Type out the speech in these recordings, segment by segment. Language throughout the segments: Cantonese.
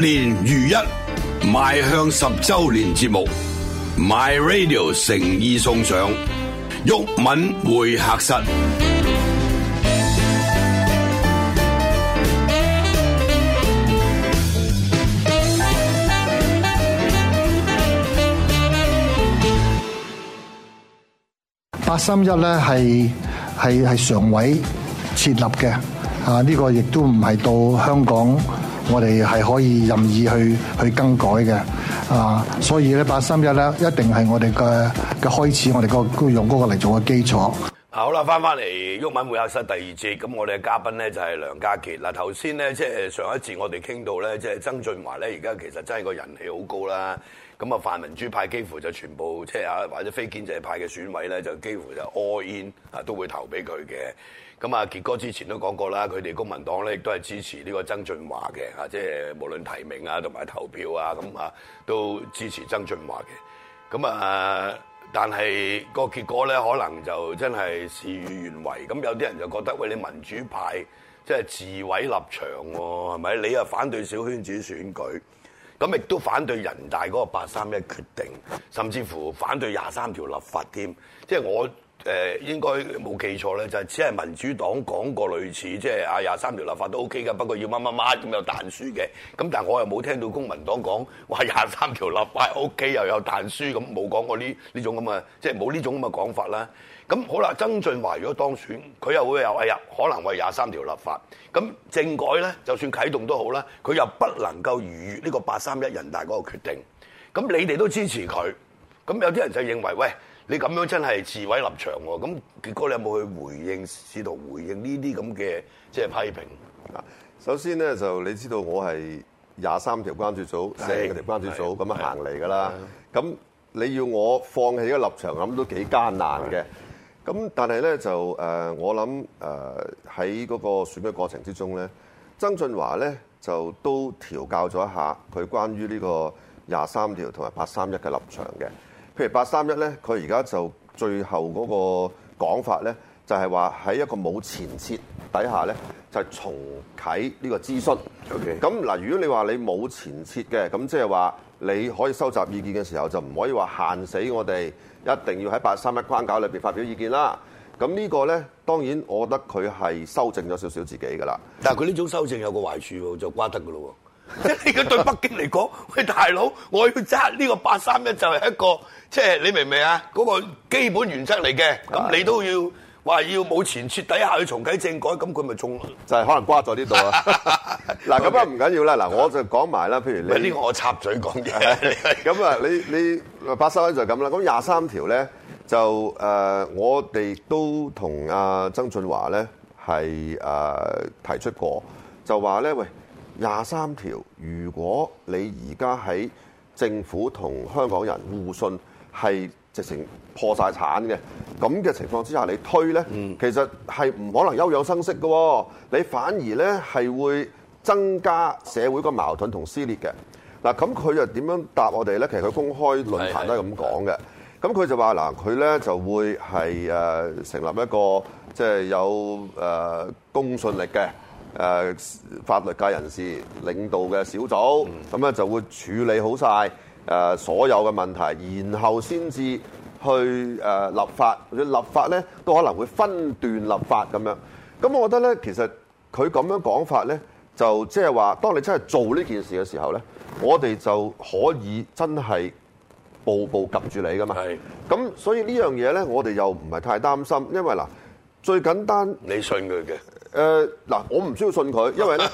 年如一，邁向十周年節目，My Radio 誠意送上。毓民會客室，八三一咧係係係常委設立嘅，啊呢個亦都唔係到香港。我哋係可以任意去去更改嘅，啊，所以咧八三一咧一定係我哋嘅嘅開始我，我哋個用嗰個嚟做嘅基礎。好啦，翻返嚟毓民會客室第二節，咁我哋嘅嘉賓咧就係梁家傑。嗱，頭先咧即係上一節我哋傾到咧，即係曾俊華咧，而家其實真係個人氣好高啦。咁啊，泛民主派幾乎就全部即係啊，或者非建制派嘅選委咧，就幾乎就 all in 啊，都會投俾佢嘅。咁啊，傑哥之前都講過啦，佢哋公民黨咧亦都係支持呢個曾俊華嘅吓，即係無論提名啊同埋投票啊，咁啊都支持曾俊華嘅。咁啊，但係個結果咧，可能就真係事與願違，咁有啲人就覺得喂，你民主派即係自毀立場，喎，係咪？你又反對小圈子選舉，咁亦都反對人大嗰個八三一決定，甚至乎反對廿三條立法添，即係我。誒應該冇記錯咧，就係、只係民主黨講過類似，即係啊廿三條立法都 OK 噶，不過要乜乜乜咁有彈書嘅。咁但我又冇聽到公民黨講話廿三條立法 OK 又有彈書。咁冇講過呢呢種咁嘅，即係冇呢種咁嘅講法啦。咁好啦，曾俊華如果當選，佢又會有，哎呀，可能為廿三條立法。咁政改咧，就算啟動都好啦，佢又不能夠逾越呢個八三一人大嗰個決定。咁你哋都支持佢，咁有啲人就認為喂。你咁樣真係自毀立場喎！咁結果你有冇去回應，試圖回應呢啲咁嘅即係批評？啊，首先咧就你知道我係廿三條關注組、四十五條關注組咁樣行嚟噶啦。咁你要我放棄個立場，諗都幾艱難嘅。咁但係咧就誒，我諗誒喺嗰個選舉過程之中咧，曾俊華咧就都調教咗一下佢關於呢個廿三條同埋八三一嘅立場嘅。譬如八三一咧，佢而家就最後嗰個講法咧，就係話喺一個冇前設底下咧，就係重啟呢個諮詢。咁嗱 Okay.，如果你話你冇前設嘅，咁即係話你可以收集意見嘅時候，就唔可以話限死我哋一定要喺八三一框架裏邊發表意見啦。咁呢個咧，當然我覺得佢係修正咗少少自己㗎啦。但係佢呢種修正有個壞處喎，就瓜得㗎咯喎。呢個 對北京嚟講，喂大佬，我要揸呢個八三一就係一個，即係你明唔明啊？嗰個基本原則嚟嘅，咁是的 你都要話要冇前徹設底下去重啓政改，咁佢咪仲就係可能瓜咗呢度啊？嗱，咁啊唔緊要啦，嗱，我就講埋啦，譬如你，呢個我插嘴講嘅，咁啊，你 你八三一就係咁啦，咁廿三條咧就誒，我哋都同阿曾俊華咧係誒提出過，就話咧喂。廿三條，如果你而家喺政府同香港人互信係直情破晒產嘅，咁嘅情況之下，你推呢，其實係唔可能休養生息嘅，你反而呢，係會增加社會嘅矛盾同撕裂嘅。嗱，咁佢又點樣答我哋呢？其實佢公開論壇都係咁講嘅。咁佢就話嗱，佢呢就會係誒成立一個即係有誒公信力嘅。誒法律界人士領導嘅小組，咁咧、嗯、就會處理好晒所有嘅問題，然後先至去誒立法。或者立法咧，都可能會分段立法咁樣。咁我覺得咧，其實佢咁樣講法咧，就即係話，當你真係做呢件事嘅時候咧，我哋就可以真係步步撳住你噶嘛。係是的。咁所以呢樣嘢咧，我哋又唔係太擔心，因為嗱，最簡單你信佢嘅。誒嗱、呃，我唔需要信佢，因為咧，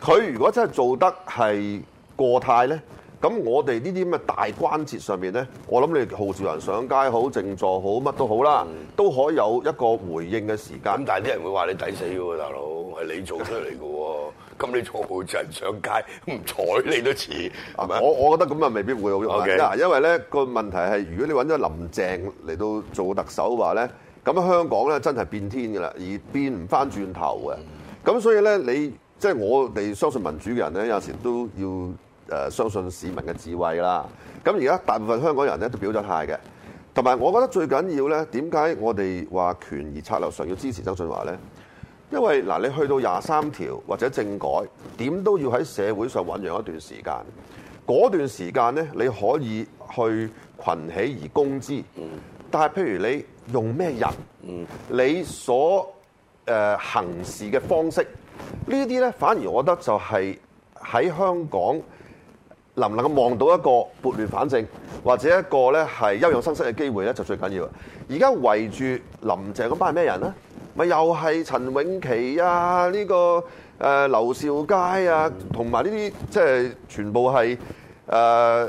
佢 如果真係做得係過態咧，咁我哋呢啲咁嘅大關節上邊咧，我諗你號召人上街好，靜坐好，乜都好啦，嗯、都可以有一個回應嘅時間。咁、嗯、但係啲人會話你抵死嘅喎，大佬係你做出嚟嘅喎，咁 你坐號召人上街唔睬你都似係咪？ 吧我我覺得咁啊，未必會好得玩啦，Okay. 因為咧個問題係，如果你揾咗林鄭嚟到做特首嘅話咧。咁香港咧真係變天嘅啦，而變唔翻轉頭嘅。咁所以咧，你即係、就是、我哋相信民主嘅人咧，有時都要、呃、相信市民嘅智慧啦。咁而家大部分香港人咧都表咗態嘅。同埋，我覺得最緊要咧，點解我哋話權宜策略上要支持曾俊華咧？因為嗱，你去到廿三條或者政改，點都要喺社會上醞釀一段時間。嗰段時間咧，你可以去群起而攻之。但係，譬如你。用咩人？你所、呃、行事嘅方式，呢啲咧反而我覺得就係喺香港能唔能夠望到一個撥亂反正，或者一個咧係休養生息嘅機會咧，就最緊要。而家圍住林鄭嗰班係咩人咧？咪又係陳永琪啊，呢、呢個誒、呃、劉兆佳啊，同埋呢啲即係全部係誒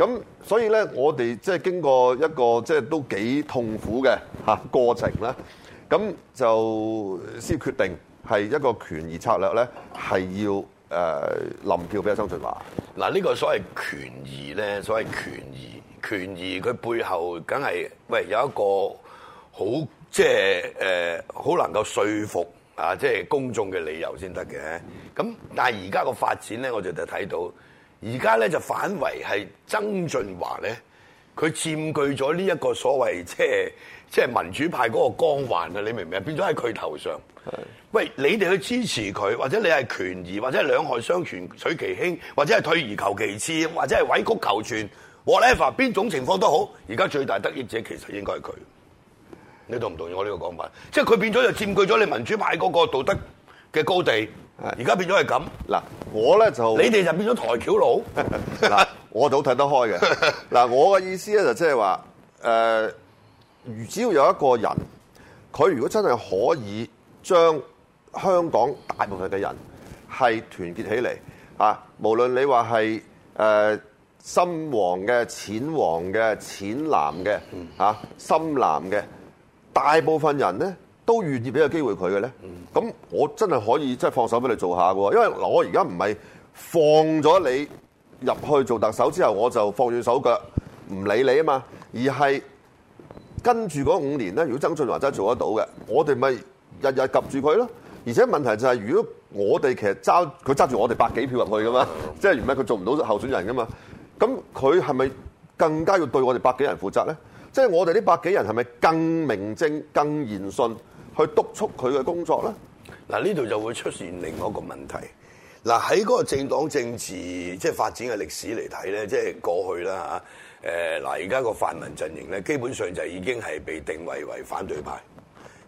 咁所以咧，我哋即係經過一個即係都幾痛苦嘅過程啦。咁就先決定係一個權宜策略咧，係要呃臨票俾曾俊華。嗱，呢個所謂權宜咧，所謂權宜，權宜佢背後梗係喂有一個好即係好能夠說服啊，即係公眾嘅理由先得嘅。咁但係而家個發展咧，我哋就睇到。而家咧就反為係曾俊華咧，佢佔據咗呢一個所謂即係即係民主派嗰個光環啊！你明唔明啊？變咗喺佢頭上。是的 喂你哋去支持佢，或者你係權宜，或者係兩害相權取其輕，或者係退而求其次，或者係委曲求全，whatever 邊種情況都好，而家最大得益者其實應該係佢。你同唔同意我呢個講法？即係佢變咗就佔據咗你民主派嗰個道德嘅高地。而家變咗係咁，嗱我咧就你哋就變咗抬轎佬，嗱 我都睇得開嘅。嗱我嘅意思咧就即係話，誒、呃，只要有一個人，佢如果真係可以將香港大部分嘅人係團結起嚟啊，無論你話係誒深黃嘅、淺黃嘅、淺藍嘅、啊深藍嘅，大部分人咧。都願意俾個機會佢嘅咧，咁我真係可以即係放手俾你做下嘅喎，因為嗱我而家唔係放咗你入去做特首之後，我就放軟手腳唔理你啊嘛，而係跟住嗰五年咧，如果曾俊華真係做得到嘅，我哋咪日日及住佢咯。而且問題就係，如果我哋其實揸佢揸住我哋百幾票入去㗎嘛，即係唔係佢做唔到候選人㗎嘛？咁佢係咪更加要對我哋百幾人負責咧？即係我哋呢百幾人係咪更明正、更言順去督促佢嘅工作啦，嗱呢度就會出現另外一個問題。嗱喺嗰個政黨政治即係發展嘅歷史嚟睇咧，即係過去啦嚇，誒嗱而家個泛民陣營咧，基本上就已經係被定位為反對派。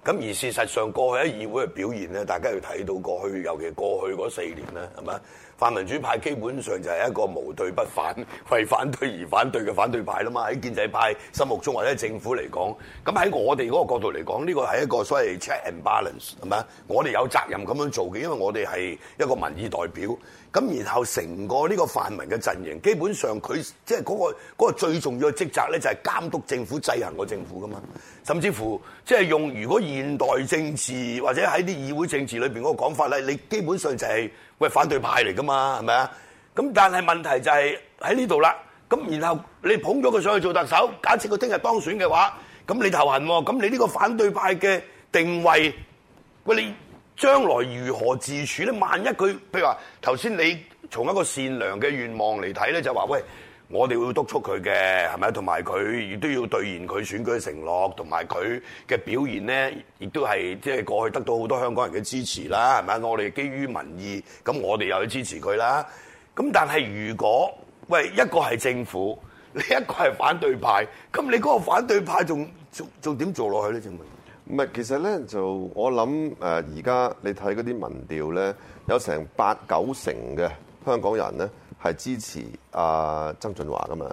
咁而事實上過去喺議會嘅表現咧，大家要睇到過去，尤其過去嗰四年啦，係嘛？泛民主派基本上就係一個無對不反，為反對而反對嘅反對派啦嘛。喺建制派心目中或者政府嚟講，咁喺我哋嗰個角度嚟講，呢個係一個所謂 check and balance，係咪？我哋有責任咁樣做嘅，因為我哋係一個民意代表。咁然後成個呢個泛民嘅陣營，基本上佢即係嗰個嗰個最重要嘅職責咧，就係監督政府，制衡個政府噶嘛。甚至乎即係用如果現代政治或者喺啲議會政治裏邊嗰個講法咧，你基本上就係。喂，反對派嚟噶嘛，係咪啊？咁但係問題就係喺呢度啦。咁然後你捧咗佢上去做特首，假設佢聽日當選嘅話，咁你頭痕喎。咁你呢個反對派嘅定位，喂你將來如何自處咧？萬一佢譬如話頭先，你從一個善良嘅願望嚟睇咧，就話喂。我哋會督促佢嘅，係咪同埋佢亦都要兌現佢選舉嘅承諾，同埋佢嘅表現咧，亦都係即係過去得到好多香港人嘅支持啦，係咪我哋基於民意，咁我哋又去支持佢啦。咁但係如果喂一個係政府，你一個係反對派，咁你嗰個反對派仲仲仲點做落去咧？政府唔係，其實咧就我諗誒，而家你睇嗰啲民調咧，有成八九成嘅香港人咧。係支持阿、呃、曾俊華噶嘛？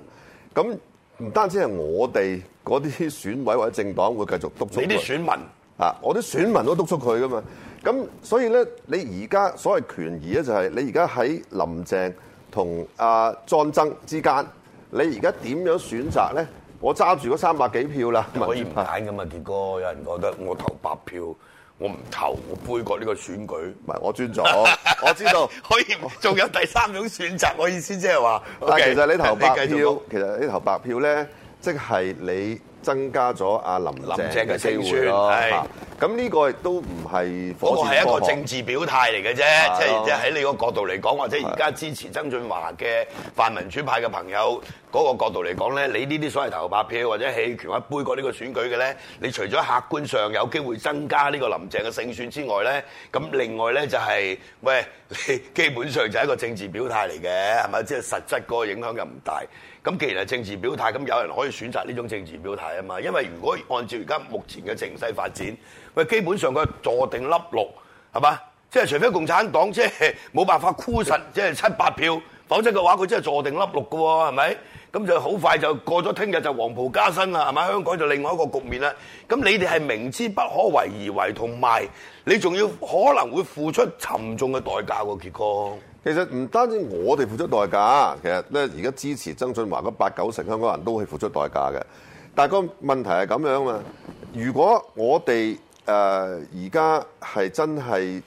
咁唔單止係我哋嗰啲選委或者政黨會繼續督促你啲選民啊，我啲選民都督促佢噶嘛。咁所以咧，你而家所謂權益咧、就係，就係你而家喺林鄭同阿莊曾之間，你而家點樣選擇咧？我揸住嗰三百幾票啦，可以唔揀噶嘛？傑 哥，有人覺得我投白票。我唔投，我杯葛呢個選舉，唔係我尊重。 我知道可以仲有第三種選擇， 我意思即係話。但其實你投白票，你其實呢投白票咧，即係你增加咗阿林鄭嘅機會。咁呢個都唔係，嗰個係一個政治表態嚟嘅啫，即係即係喺你個角度嚟講，或者而家支持曾俊華嘅泛民主派嘅朋友嗰是的 個角度嚟講咧，你呢啲所謂投白票或者棄權或杯葛呢個選舉嘅咧，你除咗客觀上有機會增加呢個林鄭嘅勝算之外咧，咁另外咧就係、是、喂，你基本上就係一個政治表態嚟嘅，係咪？即、就、係、是、實質嗰個影響又唔大。咁既然係政治表態，咁有人可以選擇呢種政治表態啊嘛。因為如果按照而家目前嘅情勢發展，喂，基本上佢坐定粒六，係嘛？即係除非共產黨即係冇辦法箍實，即係七八票，否則嘅話佢真係坐定粒六㗎喎，係咪？咁就好快就過咗聽日就黃袍加身啦，係咪？香港就另外一個局面啦。咁你哋係明知不可為而為，同埋你仲要可能會付出沉重嘅代價個結果。其實唔單止我哋付出代價，其實咧而家支持曾俊華嗰八九成香港人都係付出代價嘅。但係個問題係咁樣嘛？如果我哋誒而家係真係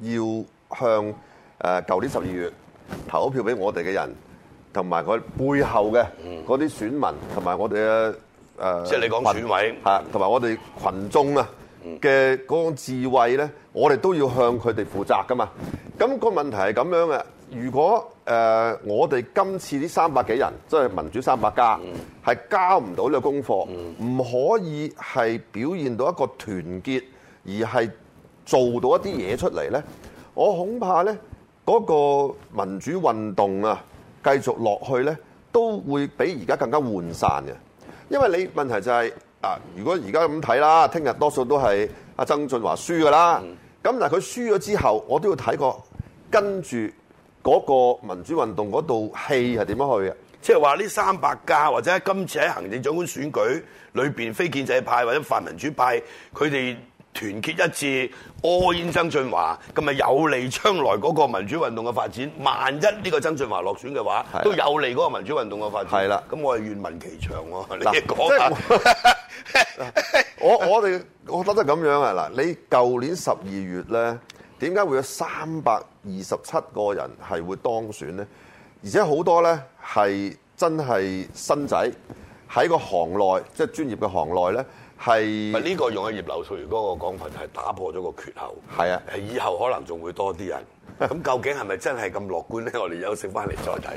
要向誒舊年十二月投票俾我哋嘅人，同埋佢背後嘅嗰啲選民，同埋我哋嘅、嗯、即係你講選委吓，同埋我哋群眾啊！嗯嘅智慧呢，我哋都要向佢哋負責㗎嘛。咁、那個問題係咁樣嘅，如果、呃、我哋今次呢三百幾人，即、就、係、是、民主三百家，係交唔到呢個功課，唔、嗯、可以係表現到一個團結，而係做到一啲嘢出嚟呢。嗯、我恐怕呢，嗰、那個民主運動啊，繼續落去呢，都會比而家更加渙散嘅，因為你問題就係、是。啊！如果而家咁睇啦，聽日多數都係阿曾俊華輸㗎啦。咁、嗯、但佢輸咗之後，我都要睇過跟住嗰個民主運動嗰度戲係點樣去嘅。即係話呢三百架或者今次喺行政長官選舉裏面，非建制派或者泛民主派佢哋，團結一致，All In 曾俊華，咁咪有利將來嗰個民主運動嘅發展。萬一呢個曾俊華落選嘅話，都的有利嗰個民主運動嘅發展。係啦的，咁我係願聞其詳喎。嗱，講下，我 我哋我，我覺得咁樣啊。嗱，你舊年十二月咧，點解會有三百二十七個人係會當選咧？而且好多咧係真係新仔喺個行內，即係專業嘅行內咧。係，呢是、這個用嘅葉劉淑儀嗰個講法係打破咗個缺口？係啊，以後可能仲會多啲人。咁究竟係咪真係咁樂觀咧？我哋休息翻嚟再睇。